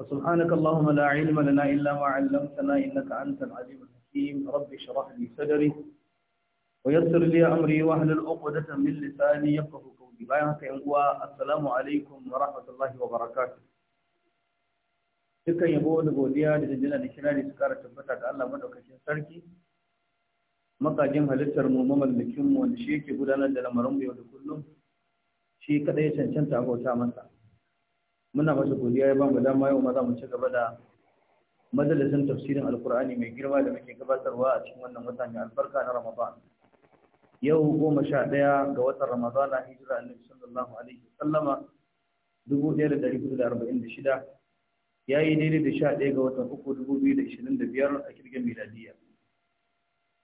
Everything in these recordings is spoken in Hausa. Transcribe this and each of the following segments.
وسبحانك اللهم لا علم لنا إلا ما علمتنا إنك أنت العليم الحكيم رب اشرح لي صدري ويسر لي أمري واحلل عقدة من لساني يفقه قولي بايعك السلام عليكم ورحمة الله وبركاته dukkan yabo da godiya da jinjina da kirari su kara tabbata ga Allah madaukakin sarki makajin halittar mu mamallakin mu wanda shi yake gudanar da lamarin mu yau da kullum shi kadai cancanta abota masa muna masa godiya ya bamu dama yau ma za mu ci gaba da madalisin tafsirin alkur'ani mai girma da muke gabatarwa a cikin wannan wata mai albarka na ramadan yau goma sha ɗaya ga watan ramadana hijira annabi sallallahu alaihi Sallama! dubu ɗaya da ɗari hudu da arba'in da shida ya yi daidai da sha ɗaya ga watan uku dubu biyu da ishirin da biyar a kirgin miladiya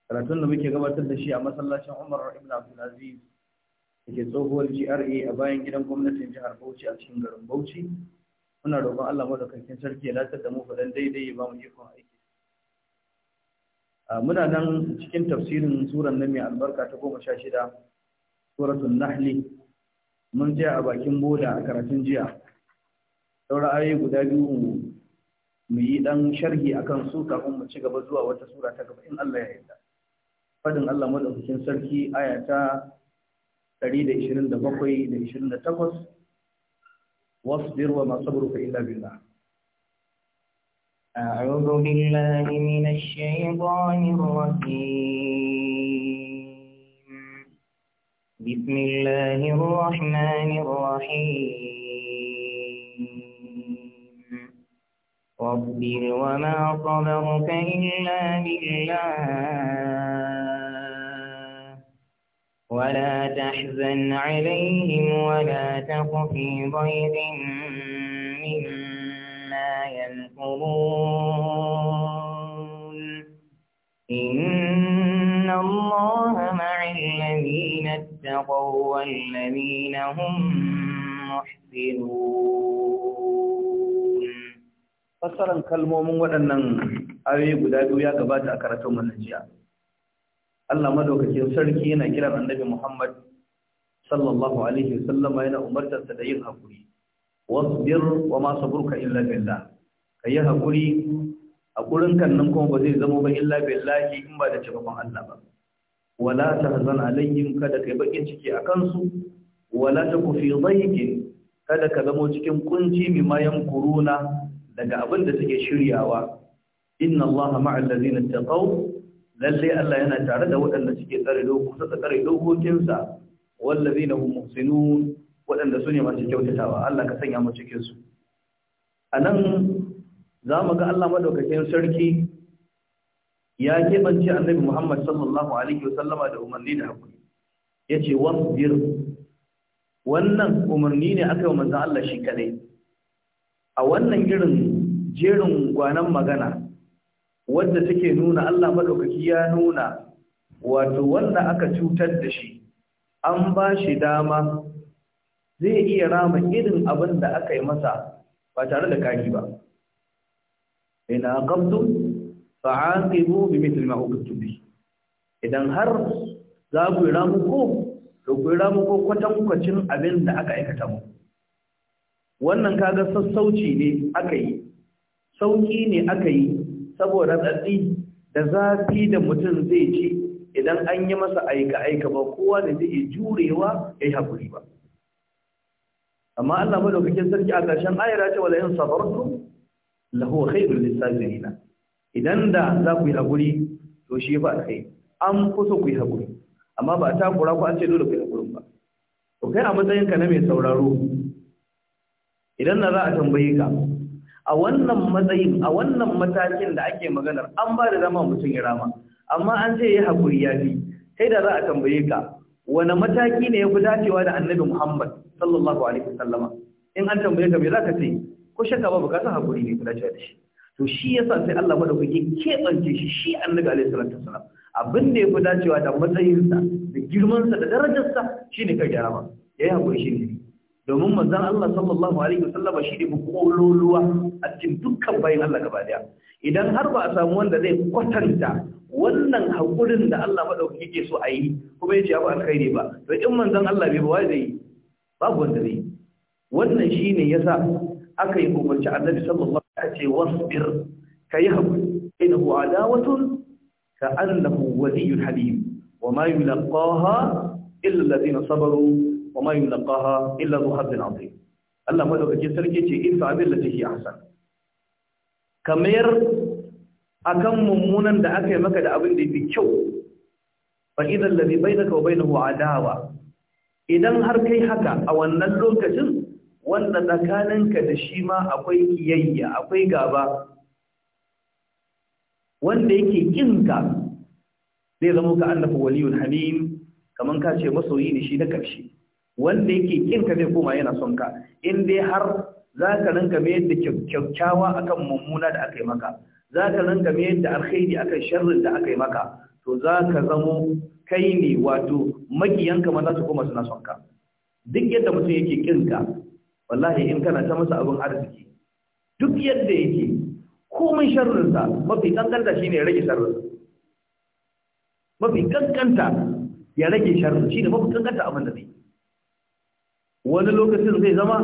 karatun da muke gabatar da shi a masallacin umar ibn abdulaziz da ke tsohuwar GRA a bayan gidan gwamnatin jihar Bauchi a cikin garin Bauchi. Muna roƙon Allah madaukakin sarki ya latar da mu faɗan daidai ya ba mu ikon aiki. Muna nan cikin tafsirin suran nan mai albarka ta goma sha shida, suratun Nahli. Mun je a bakin boda a karatun jiya. Saura ayoyi guda biyu mu yi ɗan sharhi akan su kafin mu ci gaba zuwa wata sura ta gaba in Allah ya yarda. Fadin Allah madaukakin sarki aya ta 127 da 28 واصبر وما صبرك إلا بالله أعوذ بالله من الشيطان الرجيم بسم الله الرحمن الرحيم واصبر وما صبرك إلا بالله ولا تحزن عليهم ولا تق في ضيق مما يمكرون إن الله مع الذين اتقوا والذين هم محسنون فصلا كلمة من ودنا أبي قدادو يا قبات أكرتهم النجيات Allah madaukakin sarki yana kiran annabi Muhammad sallallahu alaihi wasallam yana umartar sa da yin hakuri wasbir wa ma sabruka illa billah kayi hakuri hakurin kan nan kuma ba zai zama ba illa billahi in ba da taimakon Allah ba wala tahzan alaihim kada kai bakin ciki akan su wala taku fi dhayqin kada ka zamo cikin kunci mayan kuruna daga abin da suke shiryawa inna allaha ma'al ladina taqaw lalle Allah yana tare da waɗanda suke tsare dokokin sa tsare dokokin sa wallazina hum muhsinun waɗanda ne masu kyautatawa Allah ka sanya mu cikin su anan mu ga Allah madaukakin sarki ya kebance annabi Muhammad sallallahu alaihi wasallama da umarni da hakuri yace wasbir wannan umarni ne aka yi manzon Allah shi kadai a wannan irin jerin gwanan magana wadda take nuna Allah madaukaki ya nuna wato wanda aka cutar da shi an ba shi dama zai iya rama irin abin da aka yi masa ba tare da kaki ba ina qabdu fa'aqibu bi mithli ma uqtu bi idan har za ku yi ramu ko to ku yi ramu ko kwatan kwacin abin da aka aikata mu wannan kaga sassauci ne aka yi sauki ne aka yi saboda tsatsi da zafi da mutum zai ci idan an yi masa aika-aika ba kowa da zai jurewa ya yi haƙuri ba amma Allah madaukakin sarki a ƙarshen ayyara ce wala in sabartu lahu khairul lisabirin idan da za ku yi haƙuri to shi ba kai an kusa ku yi haƙuri amma ba ta kura ku an ce dole ku yi haƙurin ba to kai a matsayinka na mai sauraro idan na za a tambaye ka a wannan matsayin a wannan matakin da ake maganar an ba da dama mutum ya rama amma an ce ya hakuri ya fi sai da za a tambaye ka wani mataki ne ya fi dacewa da annabi muhammad sallallahu alaihi wasallama in an tambaye ka me za ka ce ko shakka ba bukatar hakuri haƙuri ne ku dacewa da shi to shi yasa sai Allah ke keɓance shi shi annabi alaihi salatu wasallam abin da ya fi dacewa da matsayinsa da girmansa da darajarsa shine kai da rama yayi haƙuri shi ne domin manzon Allah sallallahu alaihi wasallam shi ne kololuwa a cikin dukkan bayan Allah gaba daya idan har ba a samu wanda zai kwatanta wannan hakurin da Allah madaukaki ke so a yi kuma yace ya ba alkhairi ba to in manzon Allah bai ba wai zai babu wanda zai wannan ya sa aka yi umarci Annabi sallallahu alaihi wasallam ce wasbir kayi hakuri innahu adawatun ka annahu waliyyul habib wa ma yulqaha illa alladhina sabaru wa ma yulqaha illa zu hazzin azim Allah madaukakin sarki ce in fa'abil lati hi ahsan kamar akan mummunan da aka yi maka da abin da yafi kyau fa idan ladhi bainaka wa bainahu adawa idan har kai haka a wannan lokacin wanda tsakaninka da shi ma akwai kiyayya akwai gaba wanda yake kinka zai zama ka annabi waliyul hamim kaman ka ce masoyi ne shi na karshe wanda yake kin ka zai koma yana son ka in dai har zaka ranka mai yadda kyakkyawa akan mummuna da aka yi maka zaka ranka mai yadda alkhairi akan sharrin da aka yi maka to zaka zamo kai ne wato magiyan ma za su koma suna son ka duk yadda mutum yake kin ka wallahi in kana ta masa abin arziki duk yadda yake komai sharrin sa mafi kankanta shine ne rage sharrin mafi kankanta ya rage sharrin shine mafi kankanta abin da zai wani lokacin zai zama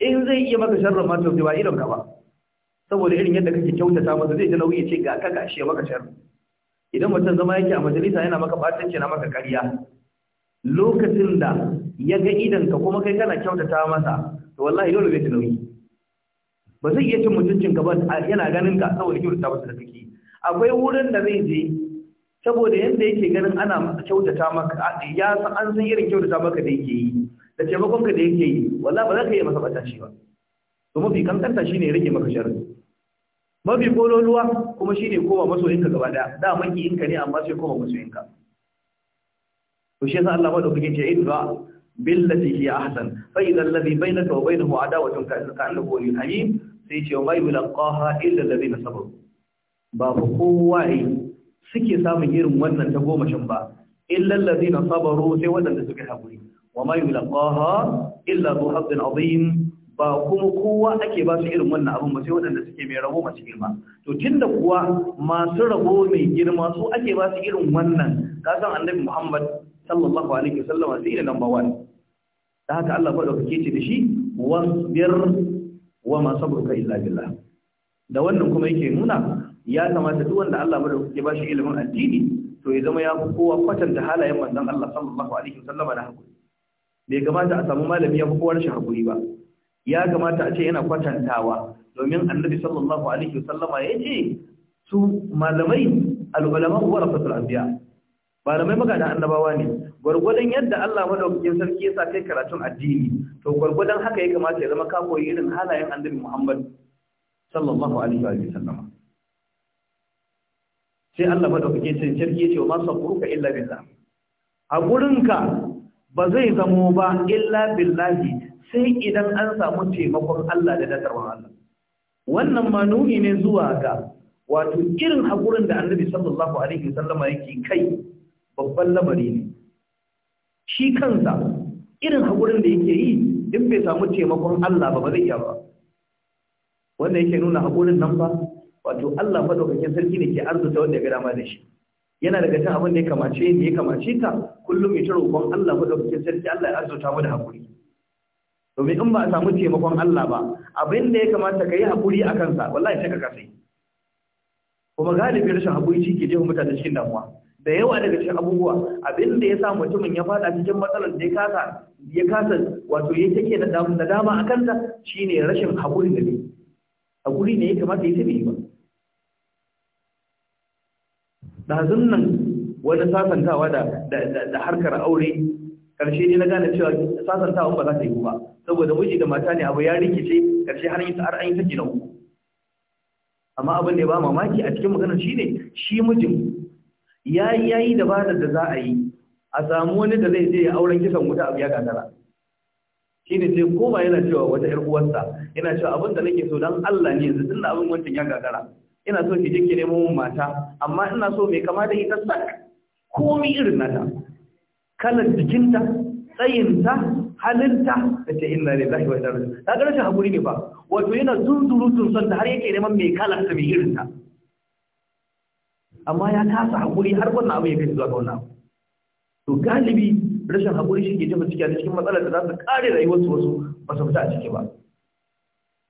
in zai iya maka sharrar ma to ba irin ka ba saboda irin yadda kake kyautata masa zai ji nauyi ce ga ka gashi ya maka sharri idan mutum zama yake a majalisa yana maka batanci na maka ƙarya lokacin da ya ga idan ka kuma kai kana kyautata masa to wallahi dole bai ji nauyi ba zai iya cin mutuncin ka ba yana ganin ka saboda kyautata masa da kake akwai wurin da zai je saboda yadda yake ganin ana kyautata maka ya san an san irin kyautata maka da yake yi da taimakonka da yake yi walla ba za ka yi masa bata shi ba to mafi kankanta shine rage maka sharri mafi kololuwa kuma shine koma masoyinka gaba daya da maki ka ne amma sai koma masoyinka to shi yasa Allah ba da kuke ce ba? billati hi ahsan fa idha alladhi bainaka wa bainahu adawatun ka'annahu waliyyun hamim sai ce wa yulqaha illa alladhina sabaru ba fa kowa yi suke samun irin wannan ta goma shin ba illa alladhina sabaru sai wadanda suke haƙuri wa ma yulqaha illa bi hazzin azim ba kuma kowa ake ba su irin wannan abin ba sai wadanda suke mai rabo masu girma to tunda kuwa masu rabo mai girma su ake ba su irin wannan ka san annabi Muhammad sallallahu alaihi wasallam sai da number 1 da haka Allah bada kake ce da shi wasbir wa ma sabruka illa billah da wannan kuma yake nuna ya kamata duk wanda Allah bada kake ba shi ilimin addini to ya zama ya kowa kwatanta halayen manzon Allah sallallahu alaihi wasallam da hakuri bai kamata a samu malami ya kowar shi hakuri ba ya kamata a ce yana kwatantawa domin annabi sallallahu alaihi wasallama ya ce su malamai al'ulama warafatul anbiya malamai magana annabawa ne gwargwadon yadda Allah madaukakin sarki ya sa kai karatun addini to gwargwadon haka ya kamata ya zama ka irin halayen annabi Muhammad sallallahu alaihi wasallama sai Allah madaukakin sarki ya ce wa ma sabruka illa billah gurinka ba zai zamo ba illa billahi sai idan an samu taimakon Allah da dadarwar Allah wannan ma nuni ne zuwa ga wato irin hakurin da annabi sallallahu alaihi wasallam yake kai babban lamari ne shi kansa irin hakurin da yake yi in bai samu taimakon Allah ba ba zai iya ba wanda yake nuna hakurin nan ba wato Allah madaukakin sarki ne ke arzuta wanda ya ga dama da shi yana daga cikin abin da ya kamace da ya kamace ta kullum ita roƙon Allah madaukakin sarki Allah ya azurta mu da hakuri domin in ba a samu taimakon Allah ba abin da ya kamata ka yi hakuri a kansa wallahi sai ka kasai kuma galibi rashin hakuri shi ke jefa mutane cikin damuwa da yawa daga cikin abubuwa abin da ya sa mutumin ya fada cikin matsalar da ya kasa ya kasa wato ya take da dama a kanta shine rashin hakuri da ne hakuri ne ya kamata ya tabi ba ɗazun nan wani sasantawa da harkar aure ƙarshe ne na gane cewa sasantawa ba za ta yi ba saboda miji da mata ne abu ya rikice ƙarshe har yi ta'ar an yi ta gina uku amma abin da ya ba mamaki a cikin maganar shi ne shi mijin ya yi yayi dabarar da za a yi a samu wani da zai je ya auren kisan wuta abu ya gagara shi ne sai koma yana cewa wata ‘yar uwarsa yana cewa abin da nake so don Allah ne yanzu tun abin wancan ya gagara ina so ki je ki nemo mun mata amma ina so mai kama da ita sak komi irin nata kalar jikinta tsayinta halinta da ta inna ne zahi wa ɗarin ta ga rashin haƙuri ne ba wato yana zunzurutun son ta har yake neman mai kalar ta mai irin ta amma ya kasa haƙuri har wannan abu ya kai zuwa ga wannan abu to galibi rashin haƙuri shi ke jefa cikin matsalar da za su kare rayuwarsu wasu ba su fita a ciki ba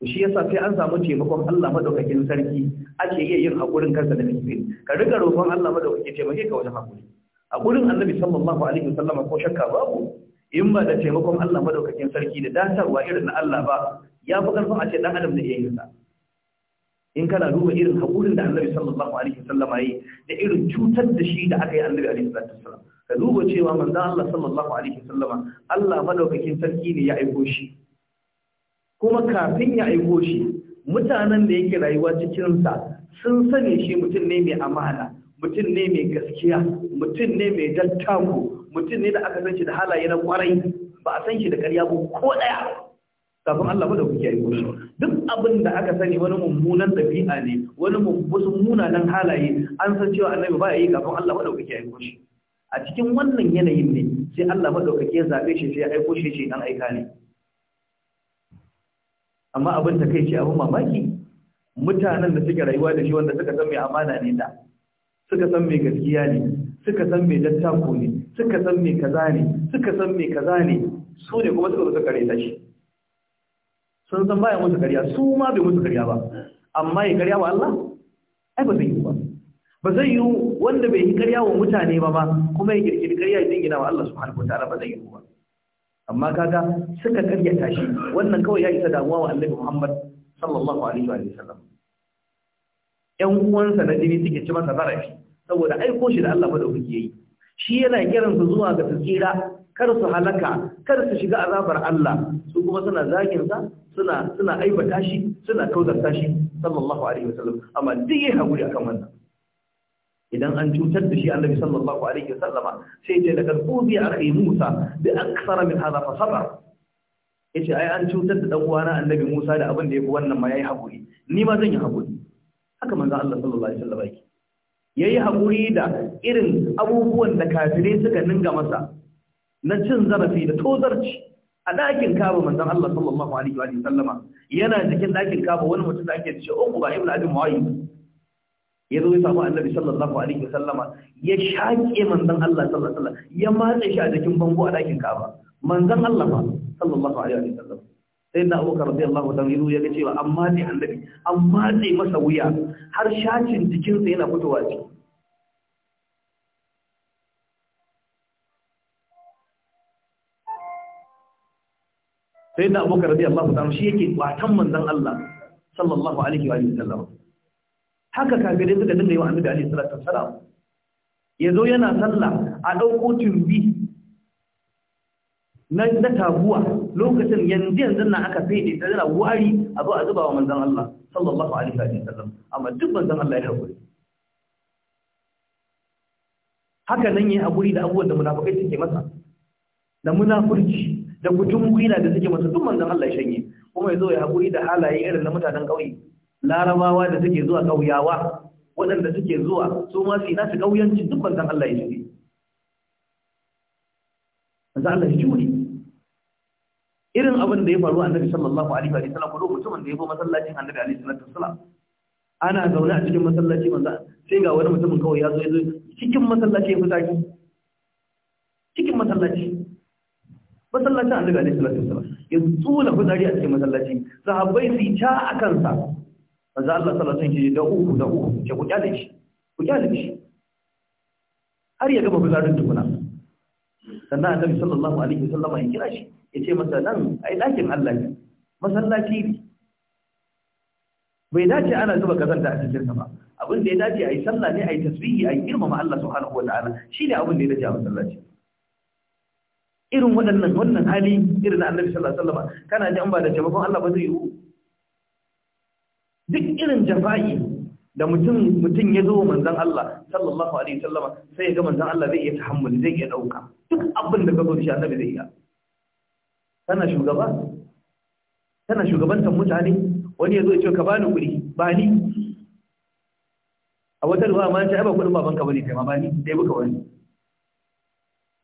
shi yasa sai an samu taimakon Allah madaukakin sarki ake iya yin hakurin kansa da miskin ka riga roƙon Allah madaukake taimake ka wajen hakuri a gurin Annabi sallallahu alaihi wasallam ko shakka babu in ba da taimakon Allah madaukakin sarki da datarwa irin na Allah ba ya fi karfin a ce dan adam da yayin sa in kana duba irin hakurin da Annabi sallallahu alaihi wasallam yayi da irin cutar da shi da aka yi Annabi alaihi wasallam ka duba cewa manzo Allah sallallahu alaihi wasallam Allah madaukakin sarki ne ya aiko shi kuma kafin ya aiko shi mutanen da yake rayuwa cikinsa sun sani shi mutum ne mai amana mutum ne mai gaskiya mutum ne mai dattako mutum ne da aka san shi da halaye na kwarai ba a san shi da karya ba ko daya kafin Allah ba da kuke aiko shi duk abin da aka sani wani mummunan dabi'a ne wani wasu munanan halaye an san cewa annabi ba ya yi kafin Allah ba da kuke aiko shi a cikin wannan yanayin ne sai Allah madaukake ya zabe shi sai ya aiko shi shi dan aika ne amma abin ta kai ce abin mamaki mutanen da suke rayuwa da shi wanda suka san mai amana ne da suka san mai gaskiya ne suka san mai dattako ne suka san mai kaza ne suka san mai kaza ne su ne kuma suka zo suka raita shi sun san baya musu karya su ma bai musu karya ba amma ya karya wa Allah ai ba zai yi ba ba zai yi wanda bai yi karya wa mutane ba ma kuma ya kirkiri karya ya dingina wa Allah subhanahu ta'ala ba zai yi ba amma kaga suka karyata shi wannan kawai ya isa damuwa wa annabi Muhammad sallallahu alaihi wa sallam ƴan uwansa na dini suke ci masa zarafi saboda aiko shi da Allah fa da kuke yi shi yana kiran su zuwa ga tsira kar su halaka kar su shiga azabar Allah su kuma suna zagin sa suna suna aibata shi suna kauzarta shi sallallahu alaihi wa sallam amma duk yayi hakuri akan wannan idan an cutar da shi annabi sallallahu alaihi wasallama sai ce da karfuzi akhi Musa bi aksara min hadha fa sabar yace ai an cutar da dan uwana annabi Musa da abin da yafi wannan ma yayi hakuri ni ma zan yi hakuri haka manzo Allah sallallahu alaihi wasallama yake yayi hakuri da irin abubuwan da kafirai suka ninga masa na cin zarafi da tozarci a ɗakin kaba manzon Allah sallallahu alaihi wa sallama yana cikin ɗakin kaba wani mutum da ake cewa Uqba ibn Abi Muayyib ya zo ya samu annabi sallallahu alaihi wa sallama ya shaƙe manzon Allah sallallahu alaihi wasallam ya matse shi a jikin bango a dakin Ka'aba manzon Allah ma sallallahu alaihi wasallam sai na Abubakar radiyallahu ta'ala ya ga cewa amma ne annabi amma ne masa wuya har shakin jikinsa yana fitowa ce sai na Abubakar radiyallahu ta'ala shi yake kwatan manzon Allah sallallahu alaihi wa sallam. haka kafirai suka dinga yi wa annabi alaihi salatu wassalam yazo yana sallah a dauko turbi na da tabuwa lokacin yanzu yanzu na aka fede ta zira wari a zo a zuba wa manzon Allah sallallahu alaihi wasallam amma duk manzon Allah ya hakuri haka nan yayi hakuri da abubuwan da munafikai suke masa da munafurci da gudun gwila da suke masa duk manzon Allah ya shanye kuma yazo ya hakuri da halaye irin na mutanen kauye larabawa da suke zuwa ƙauyawa waɗanda suke zuwa su ma su yi, nasu ƙauyanci duk wanda Allah ya shige manzan Allah ya jure irin abin da ya faru a Nabi sallallahu alaihi wa sallam ko mutumin da ya zo masallacin annabi alaihi salatu wasallam ana zaune a cikin masallaci wanda sai ga wani mutumin kawai ya zo ya zo cikin masallaci ya fita cikin masallaci masallacin annabi alaihi salatu wasallam ya tsula fitsari a cikin masallaci sahabbai su ta a kansa manzo Allah sallallahu alaihi wasallam da uku da uku Ke ku kyale shi ku kyale shi har ya gama bizarin tukuna sannan annabi sallallahu alaihi wasallam ya kira shi ya ce masa nan ai dakin Allah ne masallaci ne bai dace ana zuba kazanta a cikin sa ba abin da ya dace ai sallah ne ai tasbihi ai girmama Allah subhanahu wataala shine abin da ya dace a masallaci irin waɗannan wannan hali irin na annabi sallallahu alaihi wasallam kana ji an ba da taimakon Allah ba zai yi duk irin jafa'i da mutum mutum ya zo manzon Allah sallallahu alaihi sallama sai ya ga manzon Allah zai iya tahammul zai iya dauka duk abin da ka shi annabi zai iya kana shugaba kana shugabantar mutane wani ya zo ya ce ka bani kuɗi ba ni a wata ruwa ma ta yaba kuɗin baban ka bane kai ma ba ni dai baka wani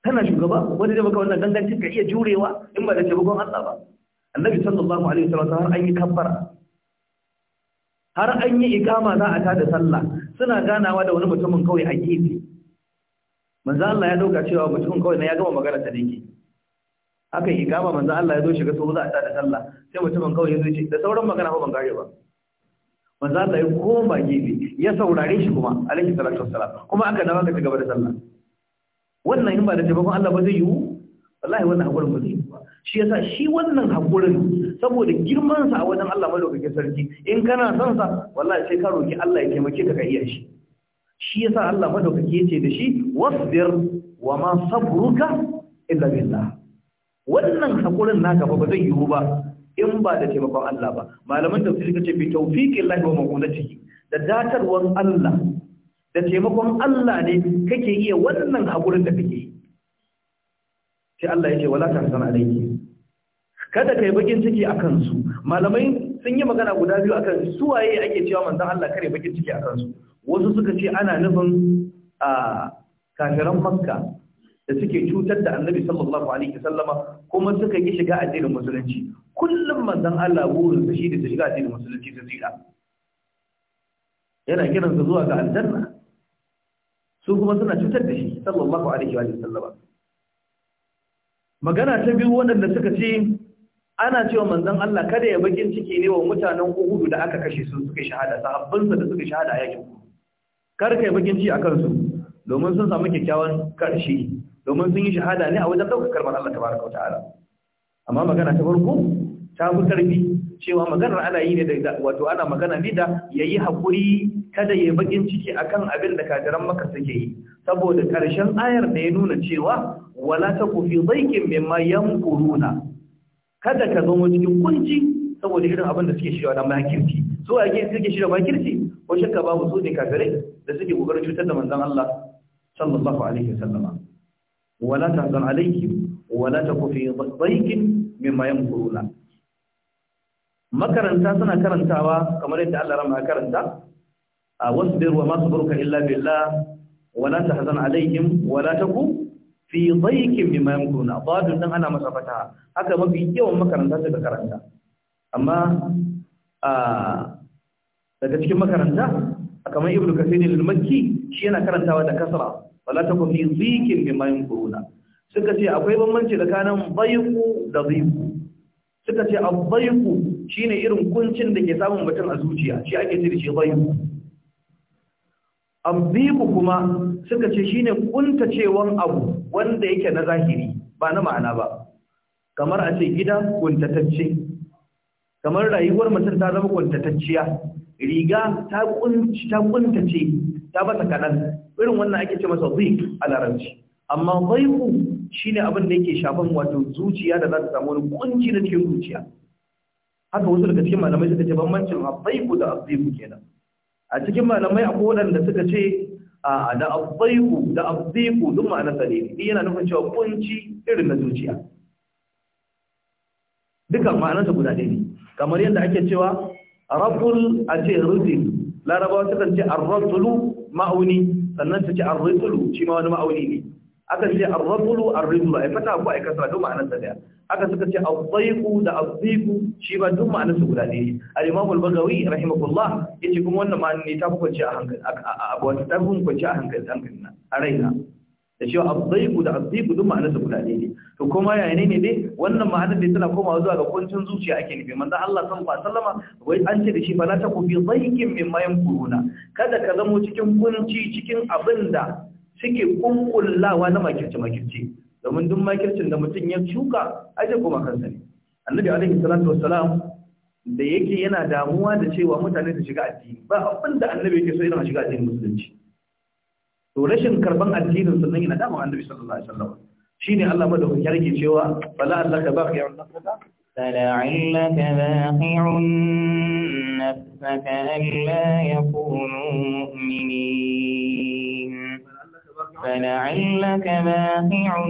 kana shugaba wani zai baka wannan gangancin ka iya jurewa in ba da taimakon Allah ba annabi sallallahu alaihi wasallam har an yi kabbara har an yi ikama za a tada sallah suna ganawa da wani mutumin kawai a gefe manzo Allah ya dauka cewa mutumin kawai ne ya gama magana ta dinki akan yi ikama manzo Allah ya zo shiga so za a tada sallah sai mutumin kawai ya zo ce da sauran magana ba ban gare ba manzo Allah ya koma gefe ya saurare shi kuma alaihi salatu wassalam kuma aka dawo ka ci gaba da sallah wannan in ba da taimakon Allah ba zai yiwu wallahi wannan haƙurin ba zai yi ba shi yasa shi wannan hakurin saboda girman sa a wajen Allah madaukake sarki in kana son sa wallahi sai ka roki Allah ya taimake ka ka iya shi shi yasa Allah madaukaki yace da shi wasbir wa ma sabruka illa billah wannan hakurin naka ba zai yi ba in ba da taimakon Allah ba malaman suka ce bi tawfiqillahi wa maqulatihi da datarwan Allah da taimakon Allah ne kake iya wannan hakurin da kake yi sai Allah yake wala tahzan alayhi kada kai bakin ciki akan su malamai sun yi magana guda biyu akan su waye ake cewa manzon Allah kare bakin ciki akan su wasu suka ce ana nufin a kafiran Makka da suke cutar da Annabi sallallahu alaihi wasallama kuma suka shiga addinin musulunci kullum manzon Allah burin sa shi da shiga addinin musulunci yana zuwa ga aljanna su kuma suna cutar da shi sallallahu alaihi wasallama magana ta biyu waɗanda suka ce ana cewa manzon Allah kada ya bakin ciki ne wa mutanen Uhud da aka kashe su suka shahada sahabbansa da suka shahada a yakin kar kai bakin ciki akan su domin sun samu kyakkyawan karshe domin sun yi shahada ne a wajen daukar kalmar Allah tabaraka wa ta'ala amma magana ta farko ta fi karfi cewa maganar ana yi ne da wato ana magana ne da yayi hakuri kada ya bakin ciki akan abin da kafiran maka suke yi saboda ƙarshen ayar da ya nuna cewa wala ta ku fi zaikin mimma yankuruna kada ka zama cikin kunci saboda irin abin da suke shirya na makirci so a ke suke shirya makirci ko shakka babu su ne kafirai da suke kokarin cutar da manzon Allah sallallahu alaihi wasallama wala ta zan alaiki wala ta ku fi zaikin mimma yankuruna makaranta suna karantawa kamar yadda Allah ya rama karanta a wasbir wa masu sabruka illa billah wala tahzan alaihim wala taku fi dhaykin mimma yamkuruna dadun dan ana masa fataha haka mafi yawan makaranta suka karanta amma a daga cikin makaranta kamar ibnu kathir al-makki shi yana karantawa da kasra wala taku fi dhaykin mimma yamkuruna suka ce akwai bambanci tsakanin dhayqu da dhayqu suka ce ad-dhayqu shine irin kuncin da ke samun mutum a zuciya shi ake ce da shi dhayqu ambiku kuma suka ce shine kuntacewan abu wanda yake na zahiri ba na ma'ana ba kamar a ce gida kuntatacce kamar rayuwar mutum ta zama kuntatacciya riga ta kunci ta kuntace ta bata kadan irin wannan ake ce masa dhiq a larabci amma dhaiqu shine abin da yake shafan wato zuciya da za ta samu wani kunci na cikin zuciya haka wasu daga cikin malamai suka ce bambancin dhaiqu da dhiqu kenan a cikin malamai akwai waɗanda suka ce a da azzaiku da azziku duk ma'ana sare ni yana nufin cewa kunci irin na zuciya dukan ta guda ɗaya kamar yadda ake cewa rabbul a ce rufin larabawa sukan ce arratulu ma'auni sannan su ce arratulu shi ma wani ma'auni ne aka ce ar-rajulu ar-rajulu ai fata ko ai kasra duk ma'anar sa daya aka suka ce az-zayqu da az-ziqu shi ba duk ma'anar su guda ne al-imam al-bagawi rahimahullah yace kuma wannan ma'anar ne ta hukunci a hankali a wata ta hukunci a hankali hankali na a raina da cewa az-zayqu da az-ziqu duk ma'anar su guda ne to kuma yayin ne ne wannan ma'anar da tana komawa zuwa ga kuncin zuciya ake nufi manzo Allah sallallahu alaihi wasallama wai an ce da shi fala ta ku bi zayqin mimma yankuruna kada ka zamo cikin kunci cikin abinda suke kunkullawa na makirce-makirce domin duk makircin da mutum ya shuka aje kuma kansa ne annabi alaihi salatu wassalam da yake yana damuwa da cewa mutane su shiga addini ba abin da annabi yake so irin shiga addinin musulunci to rashin karban addinin sannan yana damuwa annabi sallallahu alaihi wasallam shine Allah madaukakin yarke cewa bala allaka baqi'un nafsaka فلعلك باخع نفسك ألا يكونوا مؤمنين فلعلك باخع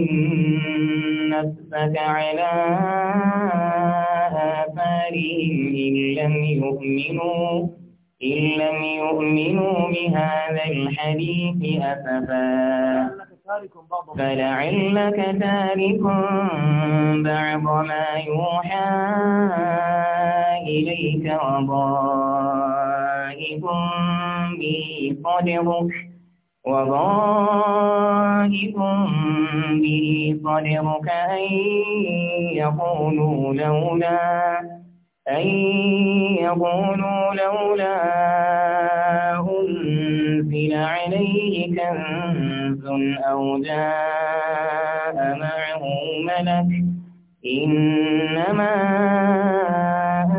نفسك على آثارهم إن لم يؤمنوا إن لم يؤمنوا بهذا الحديث أسفا فلعلك تارك بعض ما يوحى إليك وضائق به صدرك وظاهر به صدرك أن يقولوا لولا أن يقولوا لولا أنزل عليه كنز أو جاء معه ملك إنما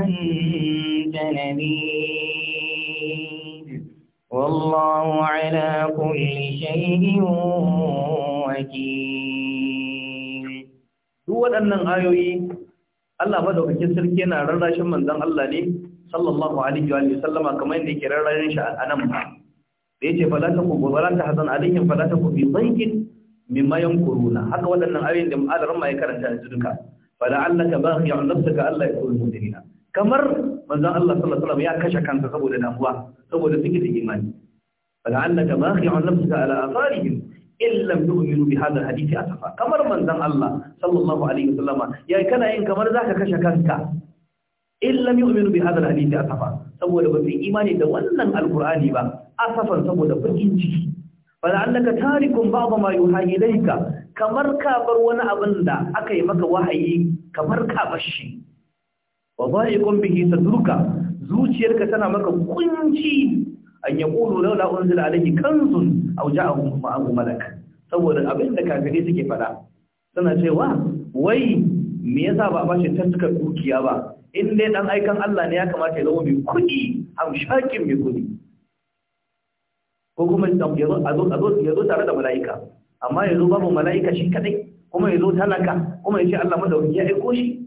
أنت نذير والله على كل شيء وكيل duk waɗannan ayoyi Allah madaukakin sarki yana rarrashin manzon Allah ne sallallahu alaihi wa sallama kamar yadda yake rarrashin shi a nan ba da yace fala taku gobara ta hazan alaihim fala taku bi dhankin mimma yankuruna haka waɗannan ayoyin da Allah ma ya karanta su duka fala annaka baghi an nafsaka Allah ya kullu dinina kamar manzon Allah sallallahu alaihi ya kashe kansa saboda damuwa saboda suke da imani fala'allaka baqi'un nafsaka ala atharihim in lam tu'minu bi hadha hadisi asafa kamar manzon Allah sallallahu alaihi wasallam yayi kana yin kamar zaka kashe kanka in lam yu'minu bi hadha hadisi asafa saboda ba su imani da wannan alqur'ani ba asafan saboda bakin ciki fala'allaka tarikum ba'd ma yuha ilayka kamar ka bar wani abin da aka yi maka wahayi kamar ka bar shi wa dha'iqun bihi durka, zuciyarka tana maka kunci an yaqulu laula unzila alayhi kanzun aw ja'ahu ma'ahu malak saboda abin da kafirai suke faɗa, tana cewa wai me yasa ba a bashi taskar dukiya ba in dai dan aikan Allah ne ya kamata ya zama mai a shakin mai kudi ko kuma ya zo tare da mala'ika amma ya zo babu mala'ika shi kadai kuma ya zo talaka kuma ya ce Allah madawaki ya aiko shi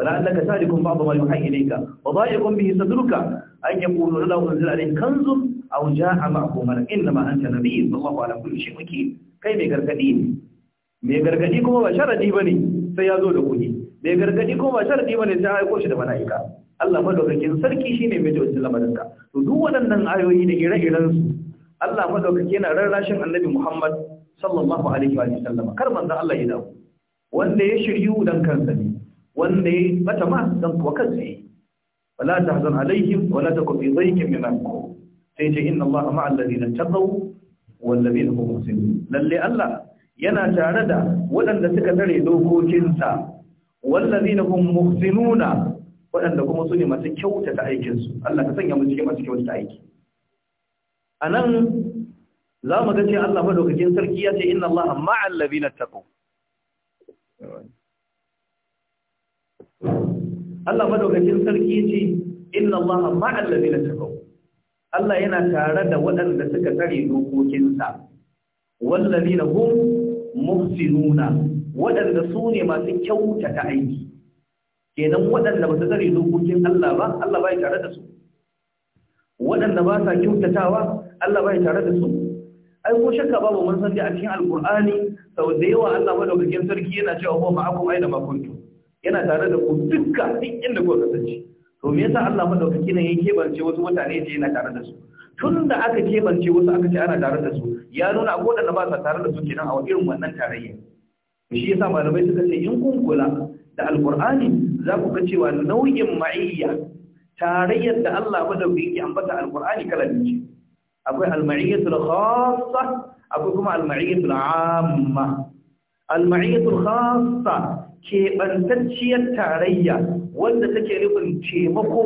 wala annaka sadiqun ba'd ma yuha ilayka wa dha'iqun bihi sadruka an yaqulu la unzila alayka kanzun aw ja'a ma'ahu malak inna ma anta nabiyyun wallahu ala kulli shay'in wakeel kai mai gargadi ne mai gargadi kuma ba sharadi bane sai ya zo da kuɗi mai gargadi kuma ba sharadi bane sai ya aiko shi da mala'ika Allah madaukakin sarki shine mai wasu lamarinka to duk waɗannan ayoyi da ire-iren su Allah madaukaki yana rarrashin Annabi Muhammad sallallahu alaihi wa sallam kar manzon Allah ya dawo wanda ya shiryu dan kansa ne wanda ya bata ma zan kuwa kansa yi wala ta hazan alaihim wala ta kufi zaikin min ku sai ce inna Allah ma allazi na taqaw wal ladina hum muhsinun lalle Allah yana tare da waɗanda suka tare dokokinsa wal ladina hum muhsinuna waɗanda kuma su ne masu kyautata aikinsu Allah ka sanya mu cikin masu kyautata aiki a nan za mu ga ce Allah madaukakin sarki ya ce inna Allah ma'al ladina taqaw Allah madaukakin sarki yace inna Allah ma'al ladina taqaw Allah yana tare da waɗanda suka tsare dokokinsa wal ladina hum muhsinuna waɗanda su ne masu kyauta ta aiki kenan waɗanda ba su tsare dokokin Allah ba Allah bai tare da su waɗanda ba sa kyautatawa Allah bai tare da su ai ko shakka babu mun san da a cikin alqur'ani sau da yawa Allah madaukakin sarki yana cewa ko ma'akum aina ma kuntum yana tare da ku dukkan duk inda ku kasance to me yasa Allah madaukaki ne ya kebance wasu mutane da yana tare da su tun da aka kebance wasu aka ce ana tare da su ya nuna akwai wadanda ba sa tare da su kenan a irin wannan tarayya shi yasa malamai suka ce in kun kula da alqur'ani za ku ga cewa nau'in ma'iyya tarayyar da Allah madaukaki ya ambata alqur'ani kala biyu akwai al-ma'iyyatul khassa akwai kuma al-ma'iyyatul amma al-ma'iyyatul khassa keɓantacciyar tarayya wanda take nufin taimako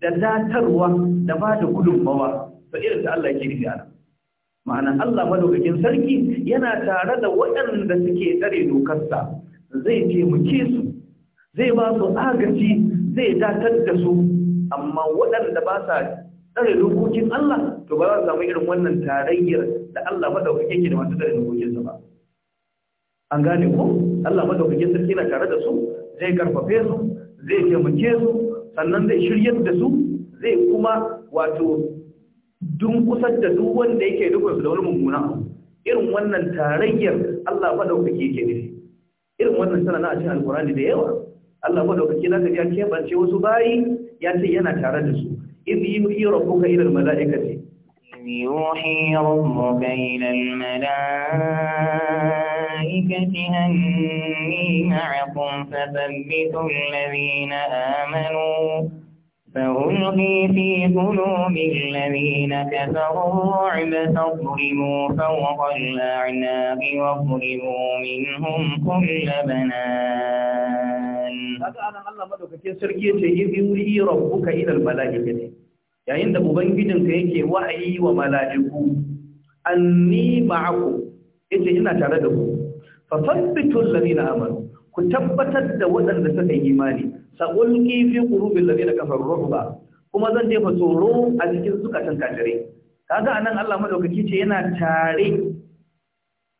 da datarwa da ba da gudunmawa ta irin da Allah ke riga ma'ana Allah madaukakin sarki yana tare da waɗanda suke tsare dokarsa zai taimake su zai ba su agaji zai datar da su amma waɗanda ba sa tsare dokokin Allah to ba za su samu irin wannan tarayyar da Allah madaukakin ke da masu tsare dokokinsa ba an gane ko Allah madaukakin sarki na tare da su zai karfafe su zai taimake su sannan zai shiryar da su zai kuma wato dunkusar da duk wanda yake dukkan su da wani mummuna irin wannan tarayyar Allah madaukaki ke ne irin wannan tana na a cikin alkurani da yawa Allah madaukaki na ji an kebance wasu bayi ya ce yana tare da su idh yuhi rabbuka ila almalaikati yuhi rabbuka ila almalaikati الملائكة أني معكم فثبتوا الذين آمنوا فألقي في قلوب الذين كفروا الرعب فاضربوا فوق الأعناق واضربوا منهم كل بنان yayin da ubangijinka yake wa'ayi wa mala'iku anni ma'akum yace ina tare da ku fasabbitul ladina amanu ku tabbatar da waɗanda suka yi imani sa'ulqi fi qulubil ladina kafaru ba. kuma zan jefa tsoro a cikin zukatan kafirai kaga anan Allah madaukaki ce yana tare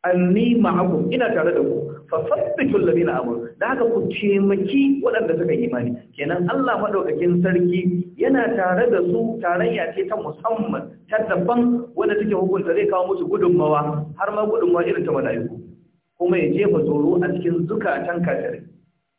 anni ma'akum ina tare da ku fasabbitu alladhina amanu da haka ku taimaki waɗanda suka yi imani kenan Allah madaukakin sarki yana tare da su tarayya ce ta musamman ta daban wanda take hukunta zai kawo musu gudunmawa har ma gudunmawa irin ta malaiku kuma ya jefa tsoro a cikin zukatan kafirai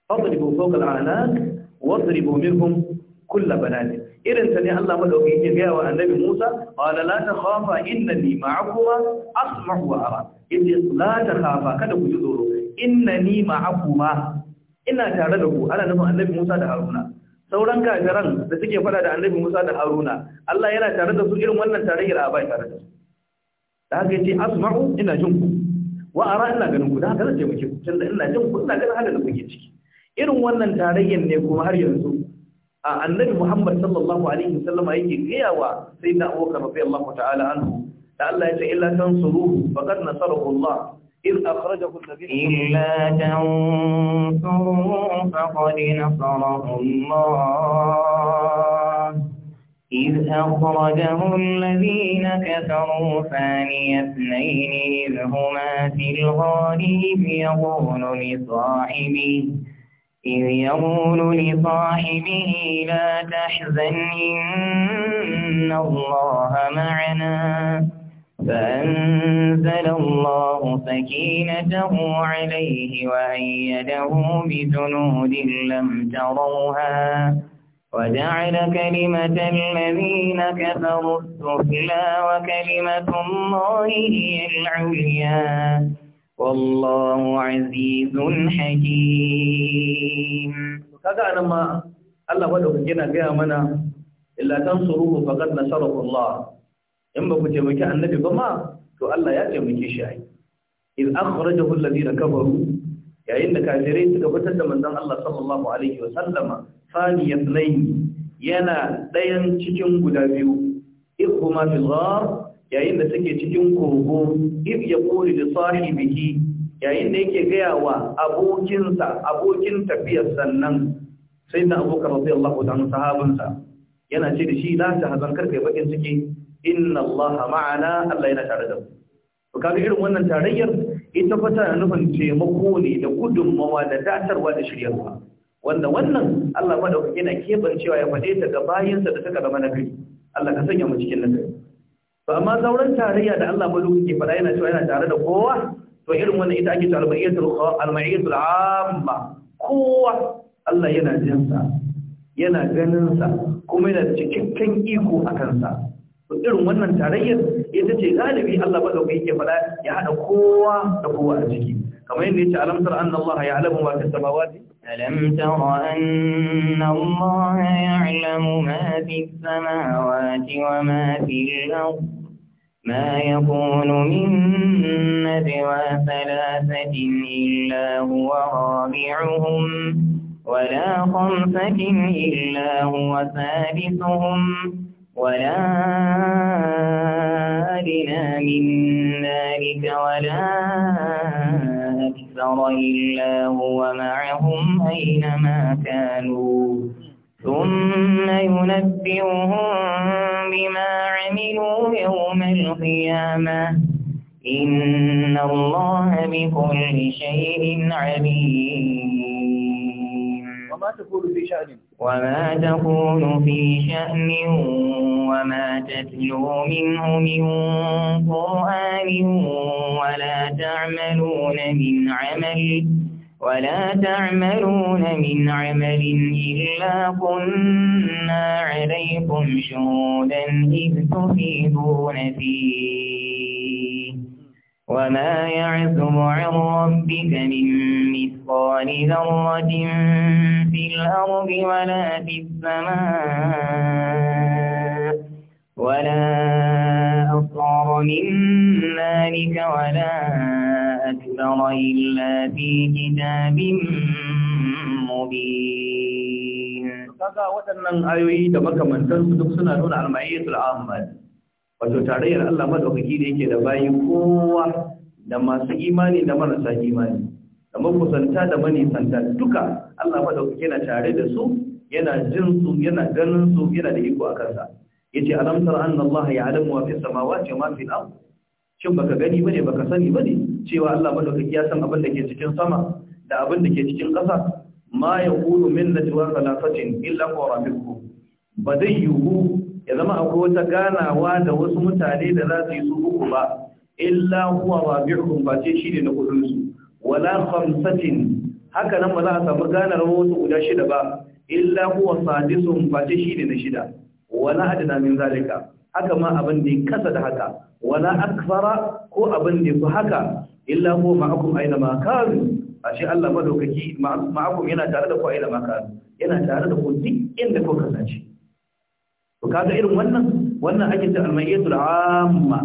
fadribu fawqa al-anaq wadribu minhum kull banani irin ta ne Allah madauki ya ga wa annabi Musa qala la takhafa innani ma'akuma asma'u wa ara yace la takhafa kada ku ji tsoro innani ma'akuma ina tare da ku ana nufin annabi Musa da Haruna sauran kafiran da suke fada da annabi Musa da Haruna Allah yana tare da su irin wannan tarayyar a bai tare da su da haka yace asma'u ina jin ku wa ara ina ganin ku da haka zan taimake ku tunda ina jin ku ina ganin halin da kuke ciki irin wannan tarayyan ne kuma har yanzu a annabi Muhammad sallallahu alaihi wasallam yake gaya wa sayyidina Abubakar radiyallahu ta'ala anhu da Allah ya ce illa tansuruhu faqad nasarahu Allah إذ أخرجه النبي إلا تنصروا فقد نصره الله إذ أخرجه الذين كفروا ثاني اثنين إذ هما في الغار إذ يقول لصاحبه إذ يقول لصاحبه لا تحزن إن الله معنا فأنزل الله سكينته عليه وأيده بجنود لم تروها وجعل كلمة الذين كفروا السفلى وكلمة الله هي العليا والله عزيز حكيم kaga nan ma Allah madaukake na gaya mana illa tansuruhu faqad nasarahu Allah in ba ku taimaki annabi ba ma to Allah ya taimake shi ai iz akhrajahu alladhina kafaru yayin da kafirai suka fitar da manzon Allah sallallahu alaihi wa sallama sani ya yana ɗayan cikin guda biyu ikuma fil yayin da take cikin kogo if ya kori da biki yayin da yake gaya wa abokinsa abokin tafiyar sannan sai da abokan radiyallahu ta'ala sahabinsa yana ce da shi za ta hazan karka bakin ciki inna Allah ma'ana Allah yana tare da mu kaga irin wannan tarayyar ita fata tana nufin taimako ne da gudunmawa da datarwa da shiryarwa wanda wannan Allah madaukake yana cewa ya faɗe ta bayansa da suka zama nagari Allah ka sanya mu cikin nagari to amma sauran tarayya da Allah madaukake faɗa yana cewa yana tare da kowa to irin wannan ita ake cewa al-ma'iyyatul al-ma'iyyatul amma kowa Allah yana jinsa yana ganinsa kuma yana cikakken iko a kansa irin wannan tarayyar ita ce galibi Allah ba dauke yake fada ya hada kowa da kowa a ciki كما يلي ألم تر أن الله يعلم ما في السماوات ألم تر أن الله يعلم ما في السماوات وما في الأرض ما يكون من نجوى ثلاثة إلا هو رابعهم ولا خمسة إلا هو ثالثهم ولا أدنى من ذلك ولا أكثر إلا هو معهم أينما كانوا ثم ينبئهم بما عملوا يوم القيامة إن الله بكل شيء عليم وما تقول في شأنه وما تكون في شأن وما تتلو منه من قرآن ولا تعملون من عمل ولا تعملون من عمل إلا كنا عليكم شهودا إذ تفيدون فيه وما يعزب عن ربك من مثقال ذرة في الأرض ولا في السماء ولا أصغر من ذلك ولا أكبر إلا في كتاب مبين. kaga waɗannan ayoyi da makamantansu duk suna nuna alma'iyyar al'ammal wato tarayyar Allah madaukaki da yake da bayi kowa da masu imani da marasa imani da makusanta da santa duka Allah madaukaki yana tare da su yana jin su yana ganin su yana da iko a kansa yace alam tara anna Allah ya'lamu ma fi samawati wa ma fi al-ard shin baka gani bane baka sani bane cewa Allah madaukaki ya san abin da ke cikin sama da abin da ke cikin ƙasa ma yaqulu min najwa salafatin illa huwa rabbukum badayuhu ya zama akwai wata ganawa da wasu mutane da za su yi su uku ba illa huwa rabi'uhum ba ce shi ne na kudinsu. su wala khamsatin haka nan ba za a samu ganar wasu guda shida ba illa huwa sadisun ba ce shi ne na shida wala adna min zalika haka ma abin da ya kasa da haka wala akfara ko abin da ya fi haka illa huwa ma'akum aina ma kanu ashe Allah madaukaki ma'akum yana tare da ku aina ma kanu yana tare da ku duk inda kuka kasance to kaga irin wannan wannan ake ta almayyatul amma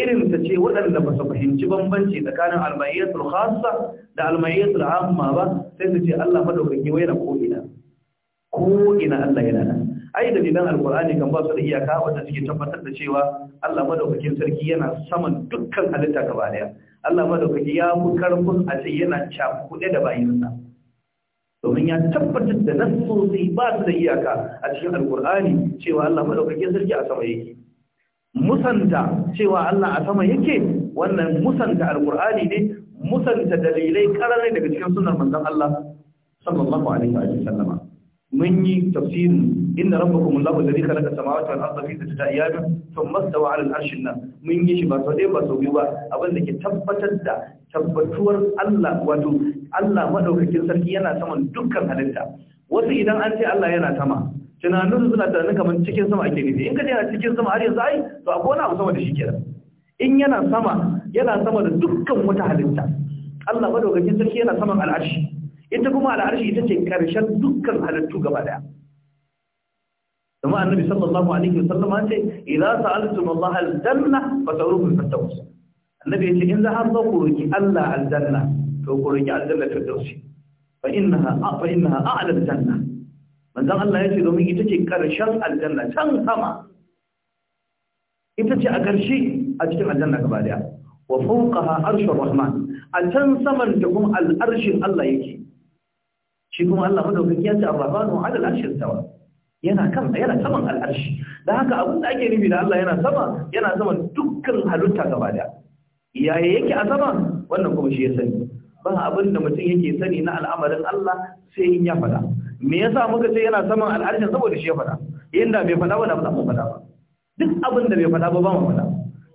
irin ta ce waɗanda ba su fahimci bambanci tsakanin almayyatul khassa da almayyatul amma ba sai su ce Allah madaukake wai na ko ina ko ina Allah yana nan ai dalilan alqur'ani kan ba su da iyaka wanda suke tabbatar da cewa Allah madaukakin sarki yana saman dukkan halitta gaba daya Allah madaukaki ya fi karfin a ce yana cakuɗe da bayinsa domin ya tabbatar da nassosi ba su da iyaka a cikin alkur'ani cewa Allah madaukakin sarki a sama yake musanta cewa Allah a sama yake wannan musanta alkur'ani ne musanta dalilai karare daga cikin sunnar manzon Allah sallallahu alaihi wa sallama mun yi tafsirin inna rabbakum allahu alladhi khalaqa samawati wal arda fi sittati ayamin thumma istawa 'ala al-'arshi mun yi shi ba sau ɗaya ba sau biyu ba abin da ke tabbatar da tabbatuwar Allah wato Allah madaukakin sarki yana saman dukkan halitta wasu idan an ce Allah yana sama tunanin suna tunanin kamar cikin sama ake nufi in ka yana cikin sama har yanzu ai to akwai wani abu sama da shi kenan in yana sama yana sama da dukkan wata halitta Allah madaukakin sarki yana saman al'arshi ita kuma al'arshi ita ce karshen dukkan halittu gaba daya kuma annabi sallallahu alaihi wasallam ce "Ila sa'altum Allah al-janna fi fastaghfir annabi ya ce in za har zo ku roki Allah al al-janna, dokorin ya aljanna firdausi fa innaha fa innaha a'la aljanna manzon Allah yace domin ita ce karshen aljanna can sama ita ce a karshe a cikin aljanna gaba daya wa fawqaha arshur rahman a can saman da kuma al'arshin Allah yake shi kuma Allah madaukaki ya ce arrahmanu ala al'arshin sawa yana kan yana saman al'arshi da haka abin da ake nufi da Allah yana sama yana saman dukkan halitta gaba daya yaya yake a sama wannan kuma shi ya sani ba abin da mutum yake sani na al'amarin Allah sai in ya faɗa me yasa muka ce yana saman al'arshin saboda shi ya faɗa inda bai faɗa ba da mu faɗa ba duk abin da bai faɗa ba ba mu faɗa